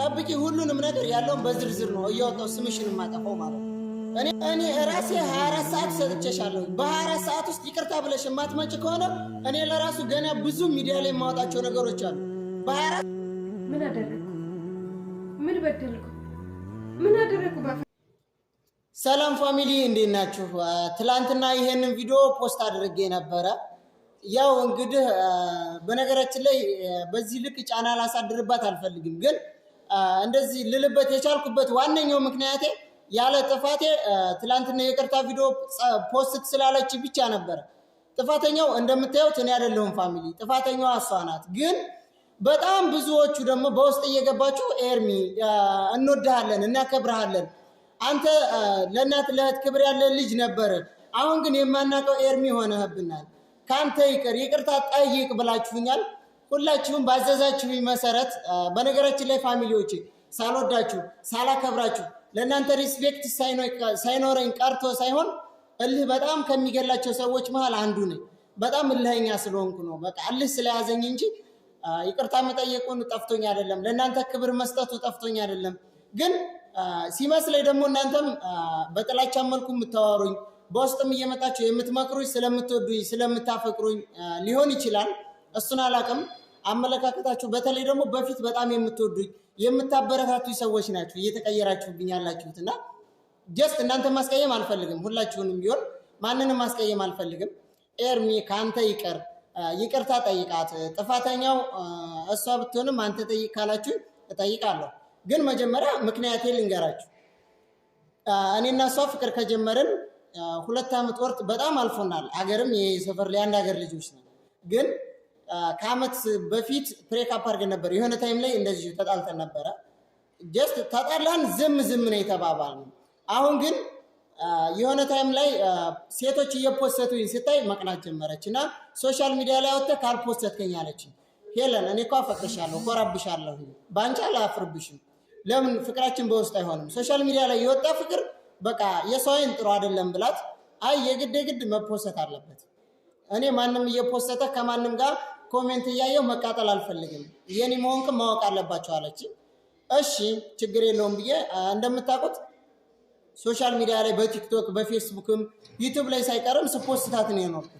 ጠብቂ። ሁሉንም ነገር ያለውን በዝርዝር ነው እያወጣው ስምሽን የማጠፋው ማለት ነው። እኔ ራሴ 24 ሰዓት ሰጥቼሻለሁ። በ24 ሰዓት ውስጥ ይቅርታ ብለሽ የማትመጭ ከሆነ እኔ ለራሱ ገና ብዙ ሚዲያ ላይ የማወጣቸው ነገሮች አሉ። በ24 ምን አደረግኩ? ምን በደልኩ? ምን አደረግኩ? ሰላም ፋሚሊ እንዴት ናችሁ? ትላንትና ይሄንን ቪዲዮ ፖስት አድርጌ ነበረ። ያው እንግዲህ በነገራችን ላይ በዚህ ልክ ጫና ላሳድርባት አልፈልግም ግን እንደዚህ ልልበት የቻልኩበት ዋነኛው ምክንያቴ ያለ ጥፋቴ ትላንትና የቅርታ ቪዲዮ ፖስት ስላለች ብቻ ነበረ። ጥፋተኛው እንደምታዩት እኔ አይደለሁም ፋሚሊ፣ ጥፋተኛው እሷ ናት። ግን በጣም ብዙዎቹ ደግሞ በውስጥ እየገባችሁ ኤርሚ እንወድሃለን፣ እናከብረሃለን፣ አንተ ለእናት ለእህት ክብር ያለ ልጅ ነበር አሁን ግን የማናውቀው ኤርሚ ሆነህብናል፣ ከአንተ ይቅር ይቅርታ ጠይቅ ብላችሁኛል። ሁላችሁም ባዘዛችሁ መሰረት በነገራችን ላይ ፋሚሊዎች ሳልወዳችሁ ሳላከብራችሁ ለእናንተ ሪስፔክት ሳይኖረኝ ቀርቶ ሳይሆን እልህ በጣም ከሚገላቸው ሰዎች መሀል አንዱ ነኝ። በጣም እልህኛ ስለሆንኩ ነው። በቃ እልህ ስለያዘኝ እንጂ ይቅርታ መጠየቁን ጠፍቶኝ አይደለም። ለእናንተ ክብር መስጠቱ ጠፍቶኝ አይደለም። ግን ሲመስለኝ ደግሞ እናንተም በጥላቻ መልኩ የምታዋሩኝ በውስጥም እየመጣችሁ የምትመክሩኝ ስለምትወዱኝ ስለምታፈቅሩኝ ሊሆን ይችላል። እሱን አላውቅም። አመለካከታችሁ በተለይ ደግሞ በፊት በጣም የምትወዱኝ የምታበረታቱኝ ሰዎች ናቸው እየተቀየራችሁብኝ ያላችሁት እና ጀስት እናንተ ማስቀየም አልፈልግም። ሁላችሁንም ቢሆን ማንንም ማስቀየም አልፈልግም። ኤርሚ ከአንተ ይቅር ይቅርታ ጠይቃት። ጥፋተኛው እሷ ብትሆንም አንተ ጠይቅ ካላችሁ እጠይቃለሁ። ግን መጀመሪያ ምክንያቴ ልንገራችሁ። እኔና እሷ ፍቅር ከጀመርን ሁለት ዓመት ወርጥ በጣም አልፎናል። አገርም የሰፈር ላይ አንድ ሀገር ልጆች ነው ግን ከአመት በፊት ፕሬካፕ አድርገን ነበር። የሆነ ታይም ላይ እንደዚህ ተጣልተን ነበረ። ጀስት ተጣላን፣ ዝም ዝም ነው የተባባልን። አሁን ግን የሆነ ታይም ላይ ሴቶች እየፖሰቱኝ ስታይ መቅናት ጀመረች እና ሶሻል ሚዲያ ላይ ወጥተህ ካልፖሰትከኝ አለችኝ። ሄለን እኔ እኮ አፈቅርሻለሁ፣ ኮራብሻለሁ፣ በአንቺ አላፍርብሽም። ለምን ፍቅራችን በውስጥ አይሆንም? ሶሻል ሚዲያ ላይ የወጣ ፍቅር በቃ የሰው አይን ጥሩ አይደለም ብላት፣ አይ የግድ የግድ መፖሰት አለበት። እኔ ማንም እየፖሰተ ከማንም ጋር ኮሜንት እያየው መቃጠል አልፈልግም፣ የኔ መሆንክ ማወቅ አለባቸው አለች። እሺ ችግር የለውም ብዬ እንደምታውቁት ሶሻል ሚዲያ ላይ በቲክቶክ በፌስቡክም ዩቱብ ላይ ሳይቀርም ስፖስታት ነው የኖርኩት።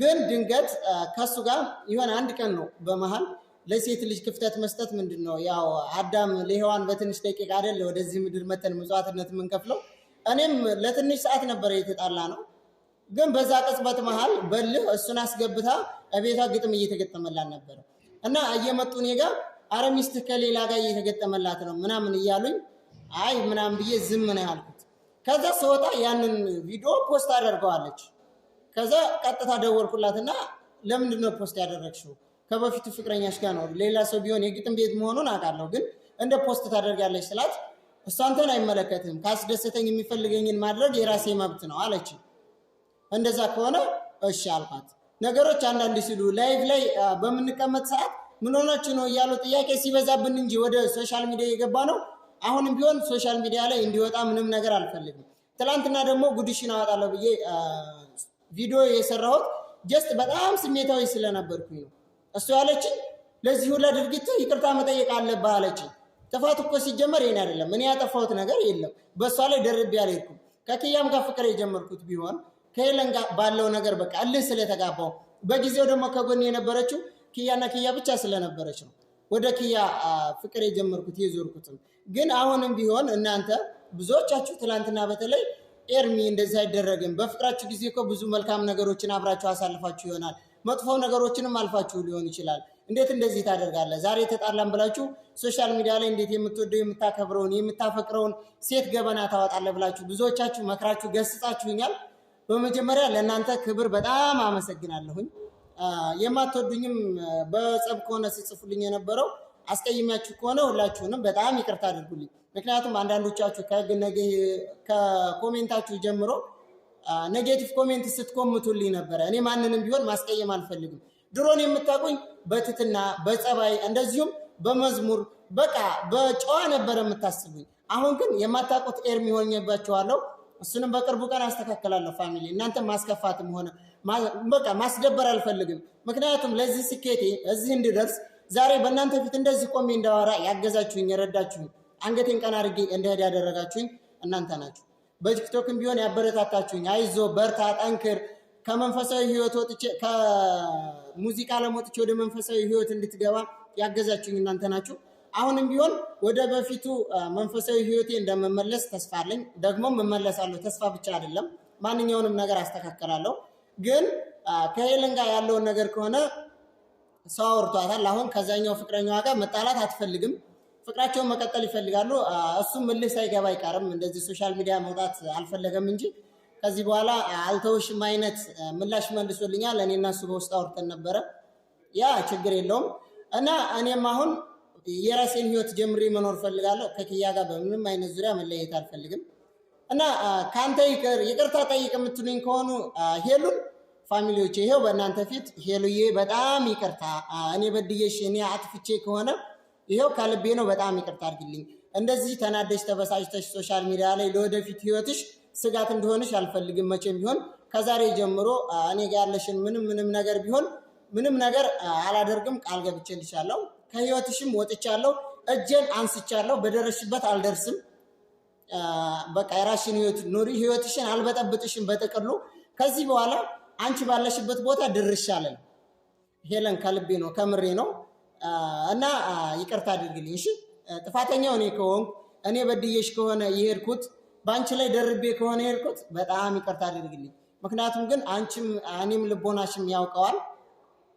ግን ድንገት ከሱ ጋር የሆነ አንድ ቀን ነው በመሀል ለሴት ልጅ ክፍተት መስጠት ምንድን ነው ያው አዳም ለሔዋን በትንሽ ደቂቃ አይደል ወደዚህ ምድር መተን መጽዋትነት የምንከፍለው። እኔም ለትንሽ ሰዓት ነበረ የተጣላ ነው። ግን በዛ ቅጽበት መሀል በልህ እሱን አስገብታ እቤቷ ግጥም እየተገጠመላት ነበረ እና እየመጡ እኔ ጋር አረ ሚስትህ ከሌላ ጋር እየተገጠመላት ነው ምናምን እያሉኝ አይ ምናምን ብዬ ዝም ነው ያልኩት። ከዛ ስወጣ ያንን ቪዲዮ ፖስት አደርገዋለች። ከዛ ቀጥታ ደወልኩላትና ለምንድን ነው ፖስት ያደረግሽው? ከበፊቱ ፍቅረኛሽ ጋር ነው። ሌላ ሰው ቢሆን የግጥም ቤት መሆኑን አውቃለሁ፣ ግን እንደ ፖስት ታደርጋለች ስላት እሷ አንተን አይመለከትም፣ ካስደሰተኝ የሚፈልገኝን ማድረግ የራሴ መብት ነው አለች። እንደዛ ከሆነ እሺ አልኳት። ነገሮች አንዳንድ ሲሉ ላይቭ ላይ በምንቀመጥ ሰዓት ምን ሆናችሁ ነው እያሉ ጥያቄ ሲበዛብን እንጂ ወደ ሶሻል ሚዲያ የገባ ነው። አሁንም ቢሆን ሶሻል ሚዲያ ላይ እንዲወጣ ምንም ነገር አልፈልግም። ትላንትና ደግሞ ጉድሽን አወጣለሁ ብዬ ቪዲዮ የሰራሁት ጀስት በጣም ስሜታዊ ስለነበርኩኝ ነው። እሱ ያለችኝ ለዚህ ሁላ ድርጊት ይቅርታ መጠየቅ አለብህ አለችኝ። ጥፋት እኮ ሲጀመር ይሄን አይደለም እኔ ያጠፋሁት ነገር የለም። በእሷ ላይ ደርቤ አልሄድኩም። ከክያም ጋር ፍቅር የጀመርኩት ቢሆን ከሄለን ጋር ባለው ነገር በቃ እልህ ስለተጋባው በጊዜው ደግሞ ከጎን የነበረችው ኪያና ኪያ ብቻ ስለነበረች ነው ወደ ኪያ ፍቅር የጀመርኩት የዞርኩትም። ግን አሁንም ቢሆን እናንተ ብዙዎቻችሁ ትላንትና በተለይ ኤርሚ እንደዚህ አይደረግም፣ በፍቅራችሁ ጊዜ እኮ ብዙ መልካም ነገሮችን አብራችሁ አሳልፋችሁ ይሆናል፣ መጥፎ ነገሮችንም አልፋችሁ ሊሆን ይችላል። እንዴት እንደዚህ ታደርጋለህ? ዛሬ ተጣላም ብላችሁ ሶሻል ሚዲያ ላይ እንዴት የምትወደው የምታከብረውን የምታፈቅረውን ሴት ገበና ታወጣለህ ብላችሁ ብዙዎቻችሁ መክራችሁ ገስጻችሁኛል። በመጀመሪያ ለእናንተ ክብር በጣም አመሰግናለሁኝ። የማትወዱኝም በጸብ ከሆነ ሲጽፉልኝ የነበረው አስቀይሚያችሁ ከሆነ ሁላችሁንም በጣም ይቅርታ አድርጉልኝ። ምክንያቱም አንዳንዶቻችሁ ከኮሜንታችሁ ጀምሮ ኔጌቲቭ ኮሜንት ስትኮምቱልኝ ነበረ። እኔ ማንንም ቢሆን ማስቀየም አልፈልግም። ድሮን የምታቁኝ በትትና በጸባይ እንደዚሁም በመዝሙር በቃ በጨዋ ነበረ የምታስቡኝ። አሁን ግን የማታውቁት ኤርሚ ሆኜባችኋለሁ። እሱንም በቅርቡ ቀን አስተካክላለሁ። ፋሚሊ እናንተ ማስከፋትም ሆነ በቃ ማስደበር አልፈልግም። ምክንያቱም ለዚህ ስኬቴ እዚህ እንድደርስ ዛሬ በእናንተ ፊት እንደዚህ ቆሜ እንዳወራ ያገዛችሁኝ፣ የረዳችሁኝ፣ አንገቴን ቀና አድርጌ እንደሄድ ያደረጋችሁኝ እናንተ ናችሁ። በቲክቶክም ቢሆን ያበረታታችሁኝ፣ አይዞ በርታ፣ ጠንክር፣ ከመንፈሳዊ ህይወት ወጥቼ ከሙዚቃ ዓለም ወጥቼ ወደ መንፈሳዊ ህይወት እንድትገባ ያገዛችሁኝ እናንተ ናችሁ። አሁንም ቢሆን ወደ በፊቱ መንፈሳዊ ህይወቴ እንደመመለስ ተስፋ አለኝ። ደግሞ መመለሳለሁ። ተስፋ ብቻ አይደለም፣ ማንኛውንም ነገር አስተካከላለሁ። ግን ከሄለን ጋር ያለውን ነገር ከሆነ ሰው አውርቷታል። አሁን ከዛኛው ፍቅረኛዋ ጋር መጣላት አትፈልግም። ፍቅራቸውን መቀጠል ይፈልጋሉ። እሱም እልህ ሳይገባ አይቀርም። እንደዚህ ሶሻል ሚዲያ መውጣት አልፈለገም እንጂ ከዚህ በኋላ አልተውሽም አይነት ምላሽ መልሶልኛል። እኔና እሱ በውስጥ አውርተን ነበረ። ያ ችግር የለውም እና እኔም አሁን የራሴን ህይወት ጀምሬ መኖር ፈልጋለሁ። ከክያ ጋር በምንም አይነት ዙሪያ መለየት አልፈልግም እና ከአንተ ይቅርታ ጠይቅ የምትሉኝ ከሆኑ ሄሉን ፋሚሊዎች ይሄው በእናንተ ፊት ሄሉዬ በጣም ይቅርታ፣ እኔ በድየሽ እኔ አጥፍቼ ከሆነ ይሄው ከልቤ ነው። በጣም ይቅርታ አድርግልኝ። እንደዚህ ተናደሽ ተበሳጭተሽ ሶሻል ሚዲያ ላይ ለወደፊት ህይወትሽ ስጋት እንደሆንሽ አልፈልግም። መቼም ቢሆን ከዛሬ ጀምሮ እኔ ጋር ያለሽን ምንም ምንም ነገር ቢሆን ምንም ነገር አላደርግም፣ ቃል ገብቼልሻለሁ። ከህይወትሽም ወጥቻለሁ፣ እጄን አንስቻለሁ፣ በደረሽበት አልደርስም። በቃ የራስሽን ህይወት ኑሪ፣ ህይወትሽን አልበጠብጥሽም። በጥቅሉ ከዚህ በኋላ አንቺ ባለሽበት ቦታ ድርሻለን። ሄለን ከልቤ ነው ከምሬ ነው እና ይቅርታ አድርግልኝ። እሺ ጥፋተኛው እኔ ከሆንኩ እኔ በድዬሽ ከሆነ የሄድኩት በአንቺ ላይ ደርቤ ከሆነ የሄድኩት በጣም ይቅርታ አድርግልኝ። ምክንያቱም ግን አንቺም እኔም ልቦናሽም ያውቀዋል።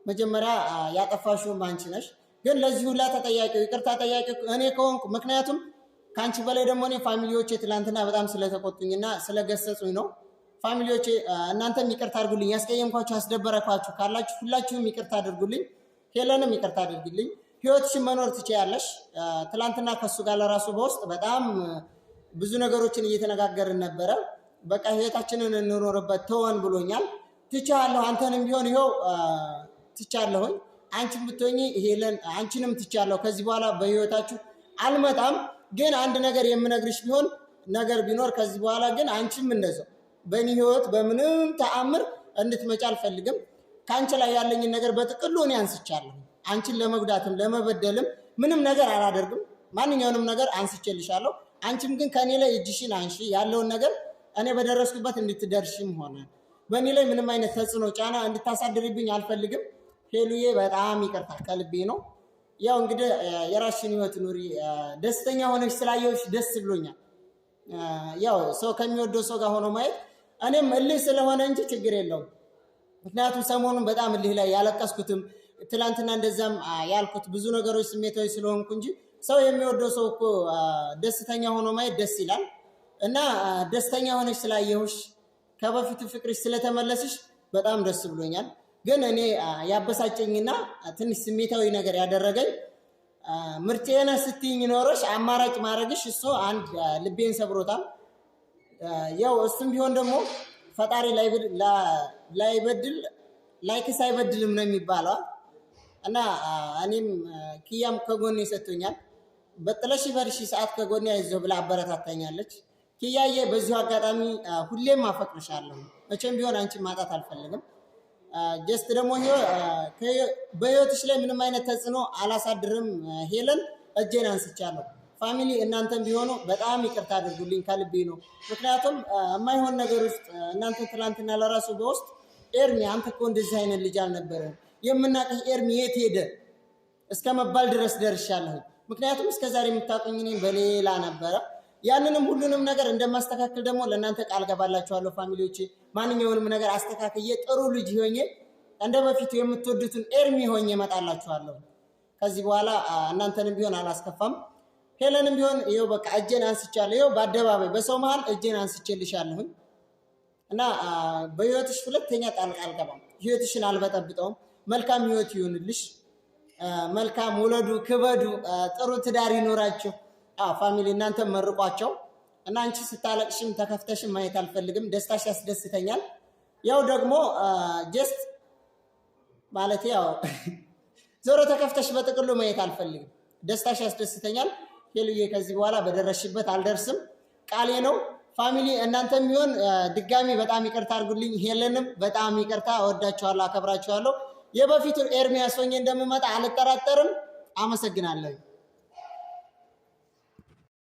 መጀመሪያ ያጠፋሽውም አንቺ ነሽ። ግን ለዚህ ሁላ ተጠያቂው ይቅርታ ጠያቂው እኔ ከሆንኩ ምክንያቱም ከአንቺ በላይ ደግሞ እኔ ፋሚሊዎቼ ትላንትና በጣም ስለተቆጡኝና ስለገሰጹኝ ነው። ፋሚሊዎቼ እናንተም ይቅርታ አድርጉልኝ። ያስቀየምኳችሁ ያስደበረኳችሁ ካላችሁ ሁላችሁም ይቅርታ አድርጉልኝ። ሄለንም ይቅርታ አድርግልኝ። ህይወትሽን መኖር ትችያለሽ። ትላንትና ከሱ ጋር ለራሱ በውስጥ በጣም ብዙ ነገሮችን እየተነጋገርን ነበረ። በቃ ህይወታችንን እንኖርበት ተወን ብሎኛል። ትቻለሁ። አንተንም ቢሆን ይኸው ትቻለሁኝ። አንቺም ብትሆኚ ሄለን አንቺንም ትቻለሁ፣ ከዚህ በኋላ በህይወታችሁ አልመጣም። ግን አንድ ነገር የምነግርሽ ቢሆን ነገር ቢኖር ከዚህ በኋላ ግን አንቺም እንደዛው በእኔ ህይወት በምንም ተአምር እንድትመጪ አልፈልግም። ከአንቺ ላይ ያለኝን ነገር በጥቅሉ እኔ አንስቻለሁ። አንቺን ለመጉዳትም ለመበደልም ምንም ነገር አላደርግም። ማንኛውንም ነገር አንስቼልሻለሁ። አንቺም ግን ከእኔ ላይ እጅሽን አንሺ። ያለውን ነገር እኔ በደረስኩበት እንድትደርሽም ሆነ በእኔ ላይ ምንም አይነት ተጽዕኖ ጫና እንድታሳድርብኝ አልፈልግም። ሄሉዬ በጣም ይቅርታ ከልቤ ነው። ያው እንግዲህ የራስሽን ህይወት ኑሪ። ደስተኛ ሆነሽ ስላየሁሽ ደስ ብሎኛል። ያው ሰው ከሚወደው ሰው ጋር ሆኖ ማየት እኔም እልህ ስለሆነ እንጂ ችግር የለውም። ምክንያቱም ሰሞኑን በጣም እልህ ላይ ያለቀስኩትም ትላንትና እንደዛም ያልኩት ብዙ ነገሮች ስሜታዊ ስለሆንኩ እንጂ ሰው የሚወደው ሰው እኮ ደስተኛ ሆኖ ማየት ደስ ይላል። እና ደስተኛ ሆነሽ ስላየሁሽ ከበፊቱ ፍቅርሽ ስለተመለስሽ በጣም ደስ ብሎኛል። ግን እኔ ያበሳጨኝና ትንሽ ስሜታዊ ነገር ያደረገኝ ምርጫዬን ስትኝ ኖረሽ አማራጭ ማድረግሽ እሱ አንድ ልቤን ሰብሮታል። ያው እሱም ቢሆን ደግሞ ፈጣሪ ላይበድል ላይክስ አይበድልም ነው የሚባለው እና እኔም ኪያም ከጎኔ ሰጥቶኛል። በጥለሽ በርሺ ሰዓት ከጎኔ አይዞህ ብላ አበረታታኛለች። ኪያዬ፣ በዚሁ አጋጣሚ ሁሌም አፈቅርሻለሁ። መቼም ቢሆን አንቺን ማጣት አልፈልግም። ጀስት ደግሞ በህይወትሽ ላይ ምንም አይነት ተጽዕኖ አላሳድርም ሄለን እጄን አንስቻለሁ። ፋሚሊ እናንተን ቢሆኑ በጣም ይቅርታ አድርጉልኝ ከልቤ ነው። ምክንያቱም የማይሆን ነገር ውስጥ እናንተ ትላንትና ለራሱ በውስጥ ኤርሚ አንተ እኮ እንደዚህ አይነት ልጅ አልነበረም የምናቀሽ ኤርሚ የት ሄደ እስከ መባል ድረስ ደርሻለሁ። ምክንያቱም እስከዛሬ የምታውቁኝ እኔን በሌላ ነበረ ያንንም ሁሉንም ነገር እንደማስተካከል ደግሞ ለእናንተ ቃል ገባላችኋለሁ። ፋሚሊዎች ማንኛውንም ነገር አስተካክዬ ጥሩ ልጅ ሆኜ እንደ በፊቱ የምትወዱትን ኤርሚ ሆኜ እመጣላችኋለሁ። ከዚህ በኋላ እናንተንም ቢሆን አላስከፋም። ሄለንም ቢሆን ይኸው በቃ እጄን አንስቻለሁ። ይኸው በአደባባይ በሰው መሀል እጄን አንስቼልሻለሁኝ እና በህይወትሽ ሁለተኛ ጣልቃ አልገባም። ህይወትሽን አልበጠብጠውም። መልካም ህይወት ይሁንልሽ። መልካም ውለዱ፣ ክበዱ፣ ጥሩ ትዳር ይኖራችሁ። ፋሚሊ እናንተ መርቋቸው እና አንቺ ስታለቅሽም ተከፍተሽም ማየት አልፈልግም። ደስታሽ ያስደስተኛል። ያው ደግሞ ጀስት ማለት ያው ዞሮ ተከፍተሽ በጥቅሉ ማየት አልፈልግም። ደስታሽ ያስደስተኛል። ሄሉዬ ከዚህ በኋላ በደረሽበት አልደርስም፣ ቃሌ ነው። ፋሚሊ እናንተም ቢሆን ድጋሚ በጣም ይቅርታ አድርጉልኝ። ሄለንም በጣም ይቅርታ፣ እወዳችኋለሁ፣ አከብራችኋለሁ። የበፊቱ ኤርሚያስ ሆኜ እንደምመጣ አልጠራጠርም። አመሰግናለሁ።